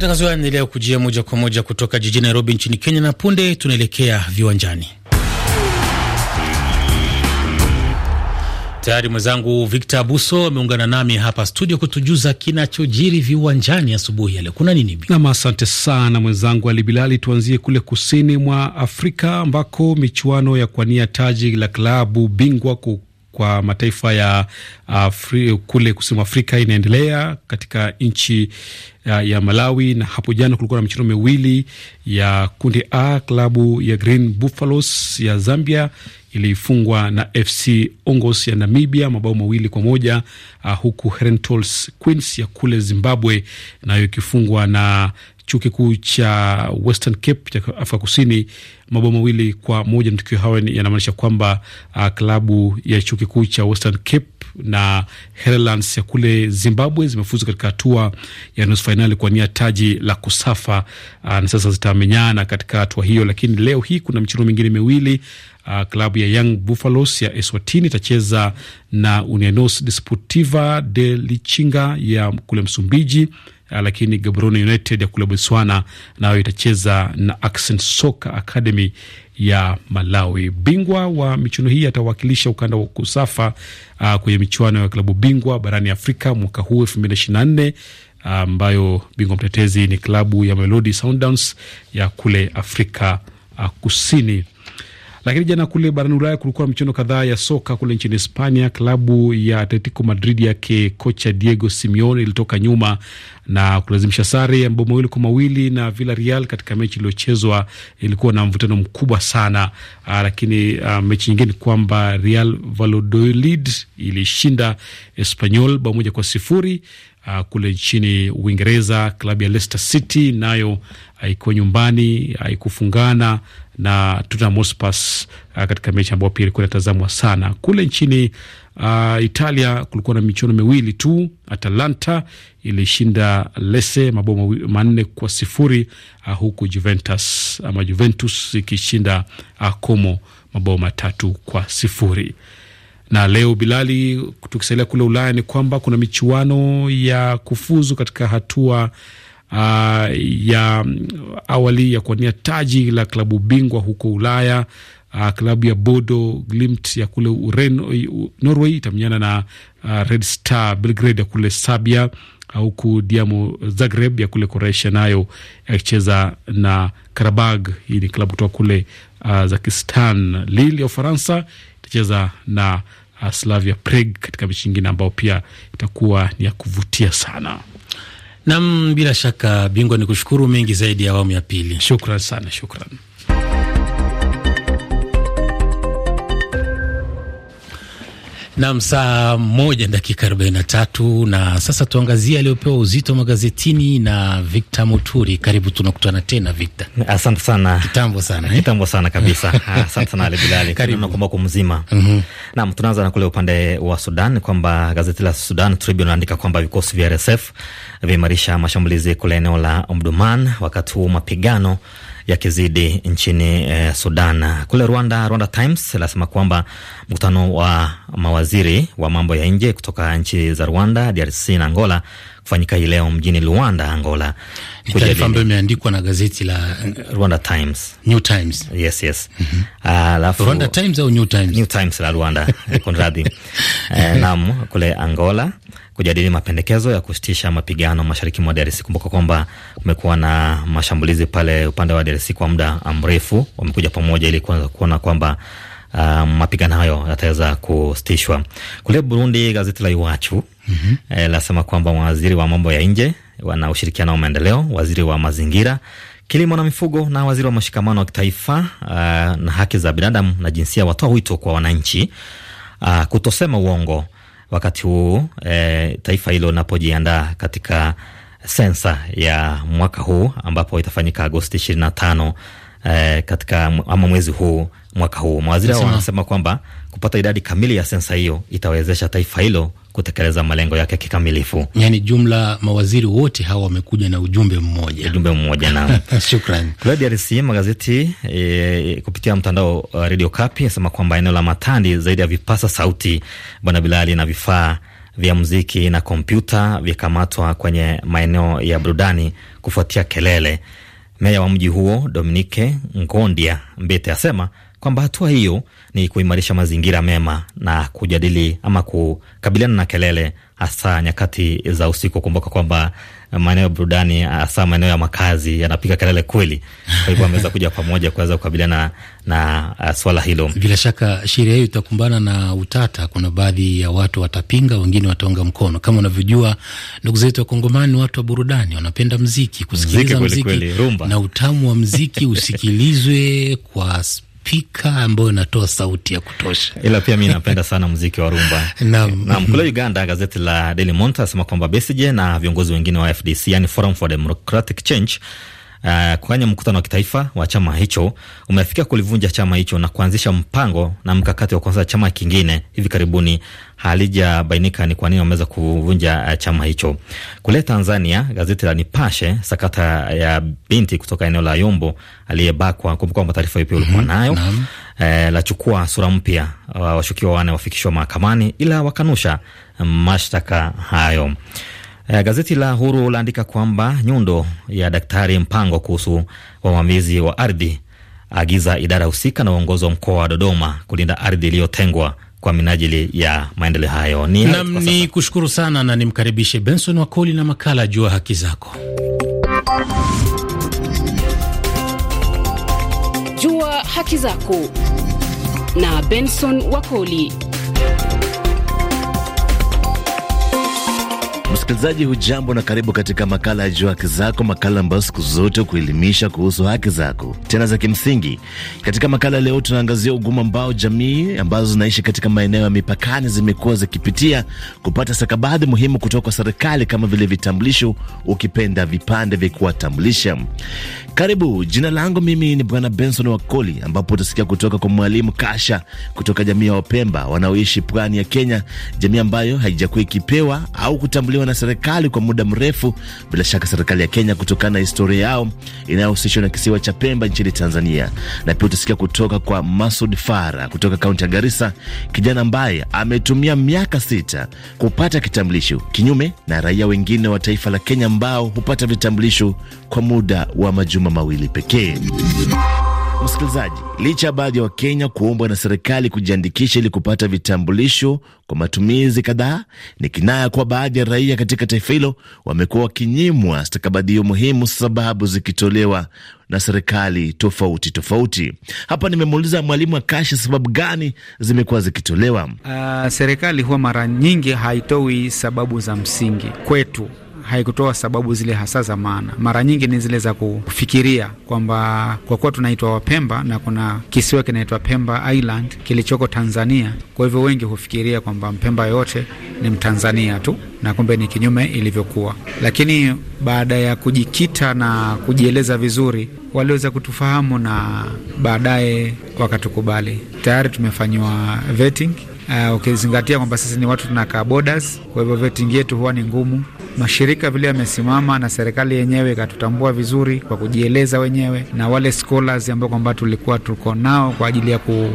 Matangazo haya yanaendelea kujia moja kwa moja kutoka jijini Nairobi nchini Kenya, na punde tunaelekea viwanjani. Tayari mwenzangu Victor Abuso ameungana nami hapa studio kutujuza kinachojiri viwanjani asubuhi ya leo. Kuna nini? Nam, asante sana mwenzangu Ali Bilali. Tuanzie kule kusini mwa Afrika ambako michuano ya kuania taji la klabu bingwa kwa mataifa ya Afri, kule kusini Afrika inaendelea katika nchi ya, ya Malawi, na hapo jana kulikuwa na michezo miwili ya kundi A. Klabu ya Green Buffaloes ya Zambia ilifungwa na FC Ongos ya Namibia mabao mawili kwa moja uh, huku Herentals Queens ya kule Zimbabwe nayo ikifungwa na chuo kikuu cha Western Cape cha Afrika Kusini mabao mawili kwa moja. Matukio hayo yanamaanisha kwamba uh, klabu ya chuo kikuu cha Western Cape na Herland ya kule Zimbabwe zimefuzu katika hatua ya nusu fainali kuwania taji la Kusafa ah, na sasa zitamenyana katika hatua hiyo. Lakini leo hii kuna michezo mingine miwili. Uh, klabu ya Young Buffaloes ya Eswatini itacheza na Unianos Desportiva de Lichinga ya kule Msumbiji. Uh, lakini Gaborone United ya kule Botswana nayo itacheza na Accent Soccer Academy ya Malawi. Bingwa wa michuano hii atawakilisha ukanda wa kusafa uh, kwenye michuano ya klabu bingwa barani Afrika mwaka huu elfu mbili na ishirini na nne uh, ambayo uh, bingwa mtetezi ni klabu ya Mamelodi Sundowns ya kule Afrika uh, Kusini. Lakini jana kule barani Ulaya kulikuwa na michuano kadhaa ya soka. Kule nchini Hispania, klabu ya Atletico Madrid yake kocha Diego Simeone ilitoka nyuma na kulazimisha sare ya mabao mawili kwa mawili na Villarreal katika mechi iliyochezwa. Ilikuwa na mvutano mkubwa sana aa, ah, lakini aa, ah, mechi nyingine kwamba Real Valladolid ilishinda Espanyol bao moja kwa sifuri. Uh, kule nchini Uingereza klabu ya Leicester City nayo haikuwa nyumbani, haikufungana na Tottenham Hotspur uh, katika mechi ambayo pia ilikuwa inatazamwa sana kule nchini uh, Italia. Kulikuwa na michuano miwili tu. Atalanta ilishinda Lese mabao manne kwa sifuri uh, huku Juventus ama Juventus ikishinda uh, Como mabao matatu kwa sifuri na leo Bilali, tukisalia kule Ulaya ni kwamba kuna michuano ya kufuzu katika hatua uh, ya awali ya kuwania taji la klabu bingwa huko Ulaya. Uh, klabu ya Bodo Glimt ya kule Ureno, Norway itamenyana na uh, Red Star Belgrade ya kule Serbia, uh, huku Dinamo Zagreb ya kule Croatia nayo yakicheza na Karabag. Hii ni klabu kutoka kule uh, Zakistan. Lille ya Ufaransa itacheza na uh, Slavia Prague katika mechi nyingine ambayo pia itakuwa ni ya kuvutia sana. Nam, bila shaka bingwa, ni kushukuru mengi zaidi ya awamu ya pili. Shukran sana, shukran. Nam, saa moja dakika arobaini na tatu na sasa tuangazie aliyopewa uzito magazetini na Victor Muturi. Karibu, tunakutana tena Victor. Asante sana, kitambo sana eh? Kitambo sana kabisa asante sana karibu Bilali, kwamba mzima. mm -hmm. Nam, tunaanza na kule upande wa Sudan kwamba gazeti la Sudan Tribune naandika kwamba vikosi vya RSF vimeimarisha mashambulizi kule eneo la Omduman wakati huu mapigano yakizidi nchini eh, Sudan. Kule Rwanda, Rwanda Times lasema kwamba mkutano wa mawaziri wa mambo ya nje kutoka nchi za Rwanda, DRC na Angola kufanyika hii leo mjini Luanda, Angola. Taarifa ambayo imeandikwa na gazeti la Rwanda Times, New Times. Yes, yes. Mm -hmm. Uh, ah, lafu, Rwanda Times au New Times? New Times la Rwanda kunradhi. Uh, eh, nam kule Angola kujadili mapendekezo ya kusitisha mapigano mashariki mwa DRC. Kumbuka kwamba kumekuwa na mashambulizi pale upande wa DRC kwa muda mrefu. Wamekuja pamoja ili kuanza kuona kwamba uh, mapigano hayo yataweza kusitishwa. Kule Burundi, gazeti la Iwachu mm -hmm. eh, lasema kwamba waziri wa mambo ya nje wana ushirikiano wa maendeleo, waziri wa mazingira kilimo na mifugo na waziri wa mashikamano wa kitaifa uh, na haki za binadamu na jinsia watoa wito kwa wananchi uh, kutosema uongo wakati huu eh, taifa hilo linapojiandaa katika sensa ya mwaka huu ambapo itafanyika Agosti ishirini na tano eh, katika ama mwezi huu mwaka huu. Mawaziri hao wanasema kwamba kupata idadi kamili ya sensa hiyo itawezesha taifa hilo kutekeleza malengo yake kikamilifu. Yani jumla mawaziri wote hawa wamekuja na ujumbe mmoja, ujumbe mmoja na shukrani. Kule DRC magazeti e, kupitia mtandao uh, Radio Kapi anasema kwamba eneo la Matandi zaidi ya vipasa sauti bwana Bilali na vifaa vya muziki na kompyuta vikamatwa kwenye maeneo ya burudani kufuatia kelele Meya wa mji huo Dominike Ngondia Mbete asema kwamba hatua hiyo ni kuimarisha mazingira mema na kujadili ama kukabiliana na kelele hasa nyakati za usiku. Kumbuka kwamba maeneo ya burudani, hasa maeneo ya makazi yanapiga kelele kweli. Kwa hivyo wameweza kuja pamoja kuweza kukabiliana na, na uh, swala hilo. Bila shaka sheria hiyo itakumbana na utata. Kuna baadhi ya watu watapinga, wengine wataunga mkono. Kama unavyojua, ndugu zetu wa kongomani watu wa burudani, wanapenda mziki, kusikiliza mziki, mziki, mziki, na utamu wa mziki usikilizwe kwa spika ambayo inatoa sauti ya kutosha, ila pia mi napenda sana muziki wa rumba. Naam, kule Uganda gazeti la Daily Monitor asema kwamba Besigye na viongozi wengine wa FDC, yani Forum for Democratic Change Eh, kufanya mkutano wa kitaifa wa chama hicho umefikia kulivunja chama hicho na kuanzisha mpango na mkakati wa kuanzisha chama kingine hivi karibuni. Halijabainika ni kwa nini wameweza kuvunja eh, chama hicho. Kule Tanzania, gazeti la Nipashe, sakata ya binti kutoka eneo la Yombo aliyebakwa, kumbuka kwamba taarifa hiyo pia ulikuwa mhm, nayo mm -hmm. uh, eh, lachukua sura mpya, washukiwa wane wafikishwa mahakamani, ila wakanusha mashtaka hayo. Eh, gazeti la Huru laandika kwamba nyundo ya Daktari Mpango kuhusu wamamizi wa ardhi agiza idara husika na uongozi wa mkoa wa Dodoma kulinda ardhi iliyotengwa kwa minajili ya maendeleo hayo. Ni nam ni kushukuru sana na nimkaribishe Benson Wakoli na makala Jua Haki Zako. Jua Haki Zako na Benson Wakoli. Msikilizaji hujambo na karibu katika makala ya Jua Haki Zako, makala ambayo siku zote kuelimisha kuhusu haki zako tena za kimsingi. Katika makala leo, tunaangazia ugumu ambao jamii ambazo zinaishi katika maeneo ya mipakani zimekuwa zikipitia kupata stakabadhi muhimu kutoka kwa serikali kama vile vitambulisho, ukipenda vipande vya kuwatambulisha. Karibu, jina langu mimi ni Bwana Benson Wakoli, ambapo utasikia kutoka kwa Mwalimu Kasha kutoka jamii ya Wapemba wanaoishi pwani ya Kenya, jamii ambayo haijakuwa ikipewa au kutambuliwa na serikali kwa muda mrefu, bila shaka serikali ya Kenya kutokana na historia yao inayohusishwa na kisiwa cha Pemba nchini Tanzania. Na pia utasikia kutoka kwa Masud Fara kutoka kaunti ya Garissa, kijana ambaye ametumia miaka sita kupata kitambulisho, kinyume na raia wengine wa taifa la Kenya ambao hupata vitambulisho kwa muda wa majuma mawili pekee. Msikilizaji, licha ya baadhi ya Wakenya kuombwa na serikali kujiandikisha ili kupata vitambulisho kwa matumizi kadhaa, ni kinaya kuwa baadhi ya raia katika taifa hilo wamekuwa wakinyimwa stakabadhi hiyo muhimu, sababu zikitolewa na serikali tofauti tofauti. Hapa nimemuuliza mwalimu Akasha sababu gani zimekuwa zikitolewa. Uh, serikali huwa mara nyingi haitoi sababu za msingi kwetu haikutoa sababu zile hasa za maana. Mara nyingi ni zile za kufikiria kwamba kwa kuwa tunaitwa Wapemba na kuna kisiwa kinaitwa Pemba Island kilichoko Tanzania, kwa hivyo wengi hufikiria kwamba Mpemba yote ni Mtanzania tu, na kumbe ni kinyume ilivyokuwa. Lakini baada ya kujikita na kujieleza vizuri, waliweza kutufahamu na baadaye wakatukubali. Tayari tumefanyiwa vetting Eh, ukizingatia uh, kwamba sisi ni watu tunakaa borders, kwa hivyo vetting yetu huwa ni ngumu. Mashirika vile yamesimama na serikali yenyewe ikatutambua vizuri kwa kujieleza wenyewe, na wale scholars ambao kwamba tulikuwa tuko nao kwa ajili ya ku,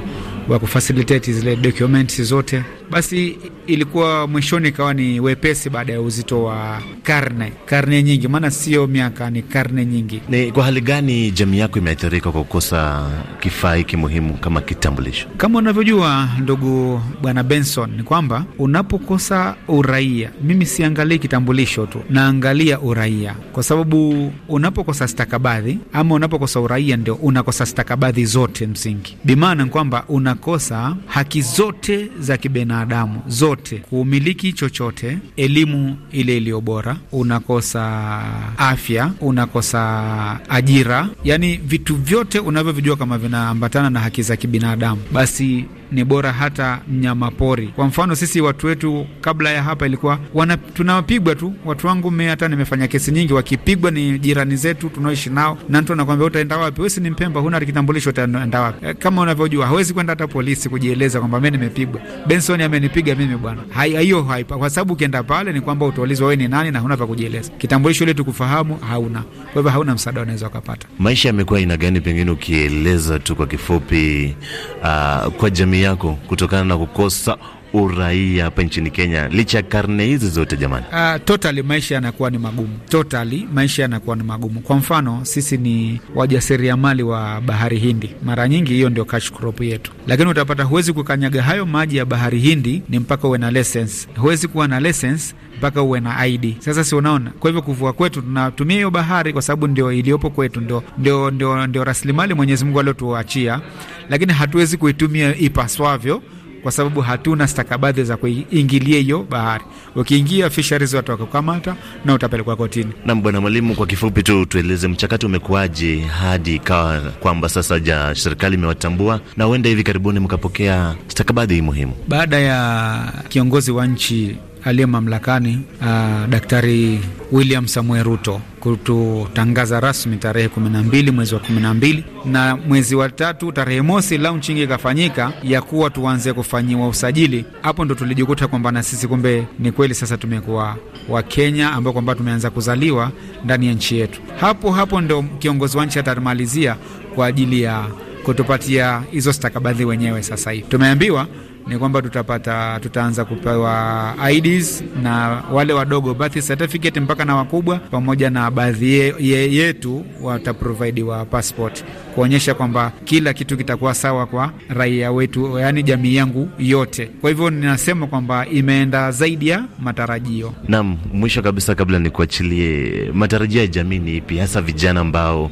wa kufacilitate zile documents zote basi ilikuwa mwishoni ikawa ni wepesi baada ya uzito wa karne karne nyingi, maana sio miaka, ni karne nyingi. Ni kwa hali gani jamii yako imeathirika kwa kukosa kifaa hiki muhimu kama kitambulisho? Kama unavyojua ndugu bwana Benson, ni kwamba unapokosa uraia, mimi siangalii kitambulisho tu, naangalia uraia, kwa sababu unapokosa stakabadhi ama unapokosa uraia ndio unakosa stakabadhi zote msingi, bimaana kwamba unakosa haki zote za kibena mwanadamu zote, kuumiliki chochote, elimu ile iliyo bora, unakosa afya, unakosa ajira, yani vitu vyote unavyovijua kama vinaambatana na haki za kibinadamu, basi ni bora hata mnyama pori. Kwa mfano sisi watu wetu kabla ya hapa ilikuwa wana, tunapigwa tu. Watu wangu mimi hata nimefanya kesi nyingi, wakipigwa ni jirani zetu tunaoishi nao, na mtu anakwambia utaenda wapi? Wewe si ni Mpemba, huna kitambulisho, utaenda wapi? Eh, kama unavyojua hawezi kwenda hata polisi kujieleza kwamba mimi nimepigwa. Benson amenipiga mimi bwana. Hiyo haipa, kwa sababu ukienda pale ni kwamba utaulizwa wewe ni nani na huna pa kujieleza. Kitambulisho ile tukufahamu hauna, kwa hivyo hauna msaada unaweza ukapata. Maisha yamekuwa aina gani, pengine ukieleza tu kwa kifupi, uh, kwa jamii yako kutokana na kukosa uraia hapa nchini Kenya licha ya karne hizi zote jamani? Uh, totally maisha yanakuwa ni magumu, totally maisha yanakuwa ni magumu. Kwa mfano sisi ni wajasiriamali wa bahari Hindi, mara nyingi hiyo ndio cash crop yetu, lakini utapata huwezi kukanyaga hayo maji ya bahari Hindi ni mpaka uwe na license. Huwezi kuwa na license mpaka uwe na ID. Sasa si unaona? Kwa hivyo kuvua kwetu tunatumia hiyo bahari kwa sababu ndio iliyopo kwetu, ndio, ndio, ndio, ndio rasilimali Mwenyezi Mungu aliotuachia, lakini hatuwezi kuitumia ipaswavyo kwa sababu hatuna stakabadhi za kuingilia hiyo bahari. Ukiingia fisheries watu wakakamata na utapelekwa kotini. nam bwana mwalimu, kwa kifupi tu tueleze mchakato umekuwaje hadi ikawa kwamba sasa ja serikali imewatambua na huenda hivi karibuni mkapokea stakabadhi muhimu, baada ya kiongozi wa nchi aliye mamlakani uh, Daktari William Samuel Ruto kututangaza rasmi tarehe 12 mwezi wa 12 na mwezi wa tatu tarehe mosi launching ikafanyika ya kuwa tuanze kufanyiwa usajili. Hapo ndo tulijikuta kwamba na sisi kumbe ni kweli sasa tumekuwa Wakenya ambao kwamba tumeanza kuzaliwa ndani ya nchi yetu. Hapo hapo ndo kiongozi wa nchi atamalizia kwa ajili ya kutupatia hizo stakabadhi wenyewe. Sasa hivi tumeambiwa ni kwamba tutapata, tutaanza kupewa IDs na wale wadogo birth certificate mpaka na wakubwa, pamoja na baadhi ye, ye, yetu wataprovidiwa passport kuonyesha kwamba kila kitu kitakuwa sawa kwa raia wetu, yaani jamii yangu yote. Kwa hivyo ninasema kwamba imeenda zaidi ya matarajio. Naam, mwisho kabisa, kabla nikuachilie, matarajio ya jamii ni ipi hasa vijana ambao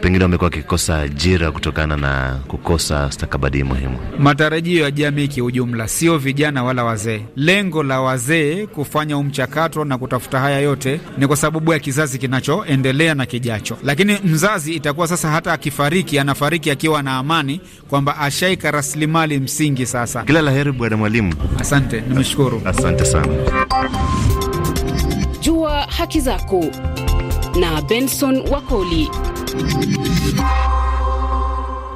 pengine wamekuwa wakikosa ajira kutokana na kukosa stakabadi muhimu. Matarajio ya jamii kiujumla, sio vijana wala wazee. Lengo la wazee kufanya umchakato na kutafuta haya yote ni kwa sababu ya kizazi kinachoendelea na kijacho, lakini mzazi itakuwa sasa, hata akifariki, anafariki akiwa na amani kwamba ashaika rasilimali msingi. Sasa kila la heri, bwana mwalimu. Asante, nimeshukuru. Asante sana. Jua haki zako na Benson Wakoli.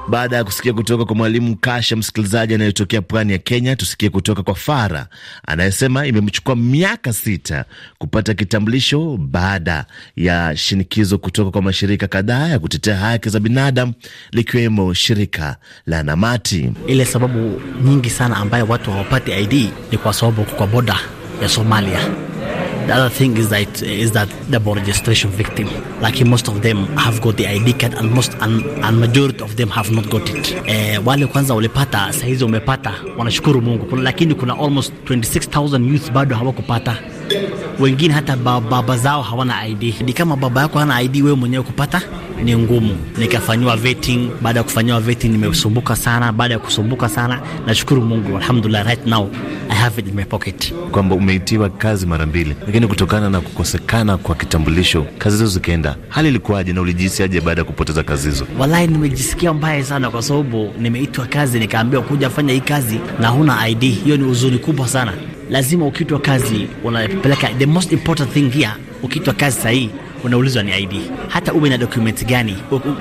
Baada ya kusikia kutoka kwa mwalimu Kasha, msikilizaji anayetokea pwani ya Kenya, tusikie kutoka kwa Fara anayesema imemchukua miaka sita kupata kitambulisho baada ya shinikizo kutoka kwa mashirika kadhaa ya kutetea haki za binadamu likiwemo shirika la Namati. Ile sababu nyingi sana ambayo watu hawapati ID ni kwa sababu kwa boda ya Somalia The other thing is that is that double registration victim, like most of them have got the ID card and most and, and majority of them have not got it. Eh, wale kwanza walipata, saizi wamepata, wanashukuru Mungu. Kuna, lakini kuna almost 26000 youth bado hawakupata wengine hata baba zao hawana ID. Ni kama baba yako hana ID, wewe mwenyewe kupata ni ngumu. Nikafanyiwa vetting. Baada ya kufanyiwa vetting, nimesumbuka sana. Baada ya kusumbuka sana, nashukuru Mungu, alhamdulillah, right now I have it in my pocket, kwamba umeitiwa kazi mara mbili, lakini kutokana na kukosekana kwa kitambulisho kazi hizo zikaenda. Hali ilikuwaje na ulijisikiaje baada ya kupoteza kazi hizo? Wallahi, nimejisikia mbaya sana, kwa sababu nimeitwa kazi, nikaambiwa kuja fanya hii kazi na huna ID. Hiyo ni uzuri kubwa sana lazima ukiitwa kazi unapeleka. The most important thing here, ukiitwa kazi sahihi unaulizwa ni ID, hata uwe na document gani,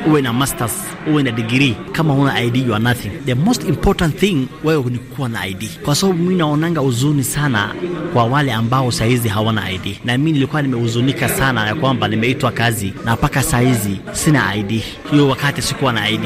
uwe na masters, uwe na degree, kama una ID you are nothing. The most important thing wewe ni kuwa na ID, kwa sababu mimi naonanga uzuni sana kwa wale ambao saizi hawana ID, na mimi nilikuwa nimehuzunika sana ya kwamba nimeitwa kazi na mpaka saizi sina ID. Hiyo wakati sikuwa na ID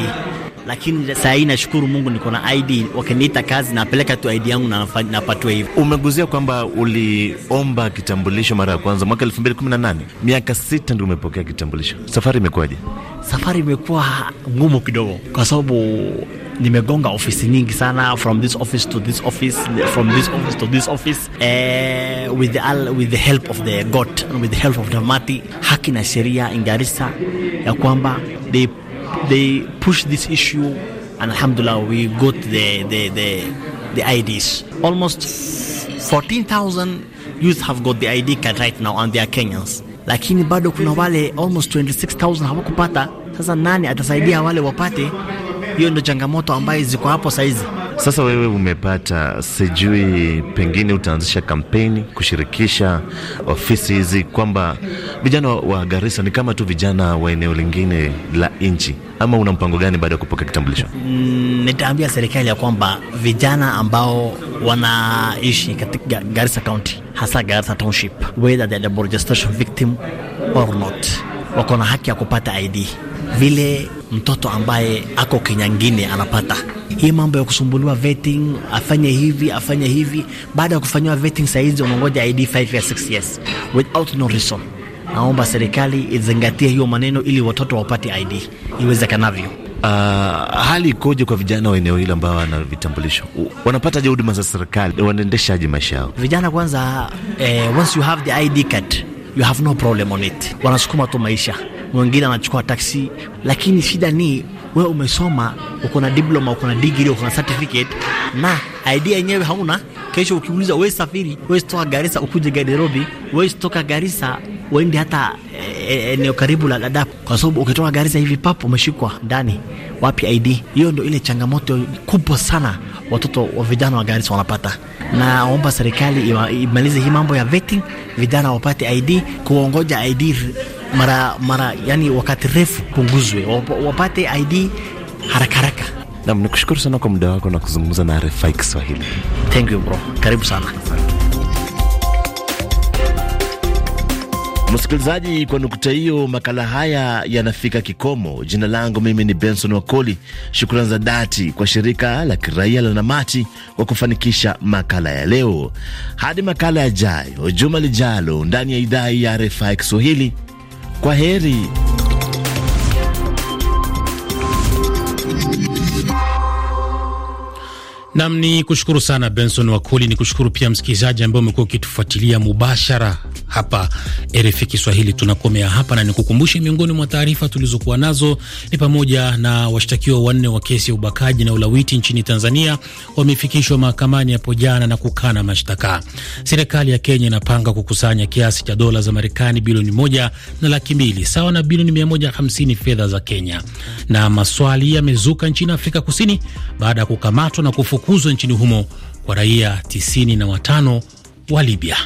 lakini saa hii nashukuru Mungu niko na ID, wakiniita kazi napeleka tu ID yangu na napatiwa hivyo. Umeguzia kwamba uliomba kitambulisho mara ya kwanza mwaka nane miaka sita ndio umepokea kitambulisho. Safari imekuwaje? Safari imekuwa ngumu kidogo kwa sababu nimegonga ofisi nyingi sana, from this office to this office, from this office to this office, uh, with the with the help of the God with the help of the mati haki na sheria ingarisa ya kwamba they they pushed this issue, and alhamdulillah, we got the, the, the, the IDs. Almost 14,000 youth have got the ID card right now, and they are Kenyans. Lakini bado kuna wale almost 26,000 hawakupata. Sasa nani atasaidia wale wapate? Hiyo ndio changamoto ambayo ziko hapo saizi. Sasa wewe umepata, sijui pengine utaanzisha kampeni kushirikisha ofisi hizi kwamba vijana wa Garissa ni kama tu vijana wa eneo lingine la nchi, ama una mpango gani baada ya kupokea kitambulisho? Mm, nitaambia serikali ya kwamba vijana ambao wanaishi katika Garissa County, hasa Garissa Township, whether they are registration victim or not, wako na haki ya kupata ID vile mtoto ambaye ako kinyangine anapata hii mambo ya kusumbuliwa vetting, afanye hivi afanye hivi. Baada ya kufanyiwa vetting, saizi unangoja ID 5 ya 6 years without no reason. Naomba serikali izingatie hiyo maneno ili watoto wapate ID iwezekanavyo. Uh, hali ikoje kwa vijana wa eneo hili ambao wana vitambulisho? Wanapataje huduma za serikali? Wanaendeshaje maisha yao vijana? Kwanza eh, once you have the ID card you have no problem on it, wanasukuma tu maisha wengine wanachukua taksi, lakini shida ni wewe umesoma, uko na diploma, uko na degree, uko na certificate na idea yenyewe hauna. Kesho ukiuliza wewe safiri, wewe toka Garissa ukuje Nairobi, wewe toka Garissa uende hata eh, eh, eneo e, karibu la Dadaab, kwa sababu ukitoka Garissa hivi papo umeshikwa ndani, wapi ID? Hiyo ndio ile changamoto kubwa sana watoto wa vijana wa Garissa wanapata, na omba serikali imalize hii mambo ya vetting, vijana wapate ID, kuongoja ID mara mara, yani wakati refu punguzwe, wapate ID haraka haraka. Nam, nikushukuru sana kwa muda wako na kuzungumza na RFI Kiswahili. Thank you bro, karibu sana. Msikilizaji, kwa nukta hiyo, makala haya yanafika kikomo. Jina langu mimi ni Benson Wakoli. Shukrani za dhati kwa shirika la kiraia la Namati kwa kufanikisha makala ya leo. Hadi makala yajayo juma lijalo, ndani ya idhaa ya RFI Kiswahili. Kwa heri. Nam ni kushukuru sana Benson Wakoli, ni kushukuru pia msikilizaji ambaye umekuwa ukitufuatilia mubashara hapa RFI Kiswahili. Tunakomea hapa na nikukumbushe, miongoni mwa taarifa tulizokuwa nazo ni pamoja na washtakiwa wanne wa kesi ya ubakaji na ulawiti nchini Tanzania wamefikishwa mahakamani hapo jana na kukana mashtaka. Serikali ya Kenya inapanga kukusanya kiasi cha dola za Marekani bilioni moja na laki mbili sawa na bilioni 150 fedha za Kenya. Na maswali yamezuka nchini Afrika Kusini baada ya kukamatwa na kufukuzwa nchini humo kwa raia tisini na watano wa Libya.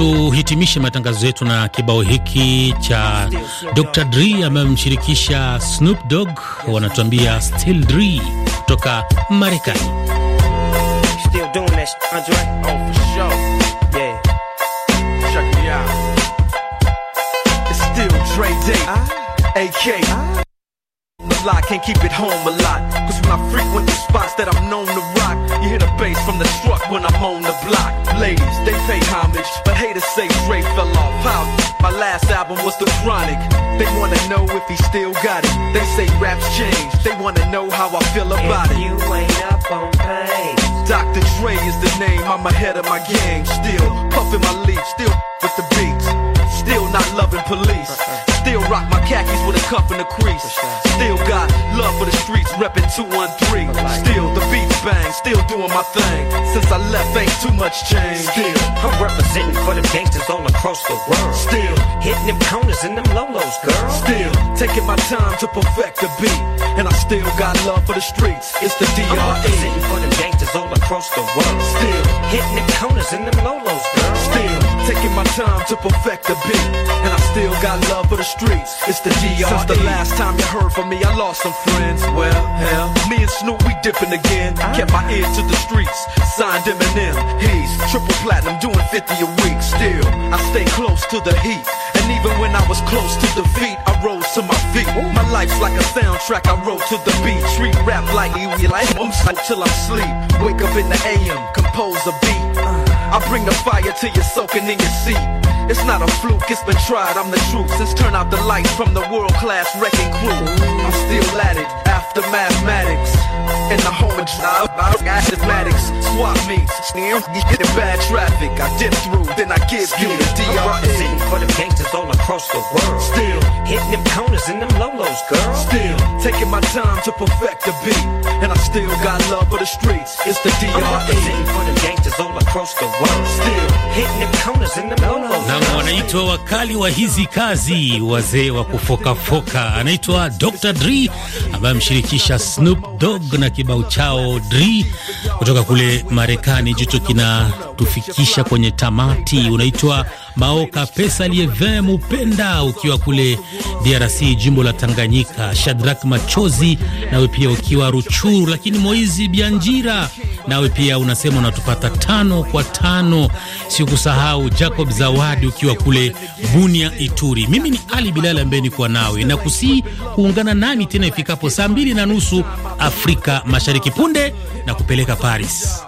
Tuhitimishe matangazo yetu na kibao hiki cha Dr Dre ambaye amemshirikisha Snoop Dogg, wanatuambia Still Dre kutoka Marekani. I oh, ah. can't keep it home a lot. Cause when I frequent the spots that I'm known to rock, you hear the bass from the truck when I'm on the block. ladies, they pay homage, but haters say Dre fell off. My last album was The Chronic. They wanna know if he still got it. They say raps change. They wanna know how I feel about if it. You ain't up on pain. Dr. Dre is the name. I'm ahead of my game. Still puffin' my leaf. Still with the beat. Still not loving police. Still rock my khakis with a cuff and a crease. Still got love for the streets, reppin' 213. Still the beats bang, still doing my thing. Since I left, ain't too much change. Still, I'm representing for the gangsters all across the world. Still, hitting them corners and them lolos, girl. Still, taking my time to perfect the beat. And I still got love for the streets. It's the DRE. I'm representing for the gangsters all across the world. Still, hitting them corners and them lolos, girl. Still, Taking my time to perfect the beat. And I still got love for the streets. It's the DR. Since the last time you heard from me, I lost some friends. Well, hell, me and Snoop, we dipping again. I kept my ear to the streets. Signed Eminem. He's triple platinum, doing 50 a week. Still, I stay close to the heat. And even when I was close to defeat, I rose to my feet. My life's like a soundtrack I wrote to the beat. Street rap like you, like I'm till I sleep. Wake up in the AM, compose a beat. Uh, I bring the fire till you're soaking in your seat. It's not a fluke, it's been tried, I'm the truth. Since turn out the lights from the world class wrecking crew, I'm still at it, after mathematics in the home drive. Mathematics, swap meets, sneer, get in bad traffic. I dip through, then I give you the DRE. for the gangsters all across the world. Still hitting them corners in them lolos, girl. Still taking my time to perfect the beat, and I still got love for the streets. It's the DRE. for the gangsters all across the world. Still hitting them corners in them lolos. Na wanaitwa wakali wa hizi kazi, wazee wa foka Anaitwa Dr. Dre ambaye amshirikisha Snoop Dogg na kibao chao dri kutoka kule Marekani. Jicho kinatufikisha kwenye tamati, unaitwa Maoka Pesa Lieve Mupenda ukiwa kule DRC jimbo la Tanganyika, shadrak Machozi nawe pia ukiwa Ruchuru, lakini Moizi Bianjira nawe pia unasema unatupata tano kwa tano. Sikusahau Jacob Zawadi ukiwa kule Bunia, Ituri. Mimi ni Ali Bilal ambaye nikuwa nawe na kusii kuungana nami tena ifikapo saa mbili na nusu Afrika Mashariki punde na kupeleka Paris.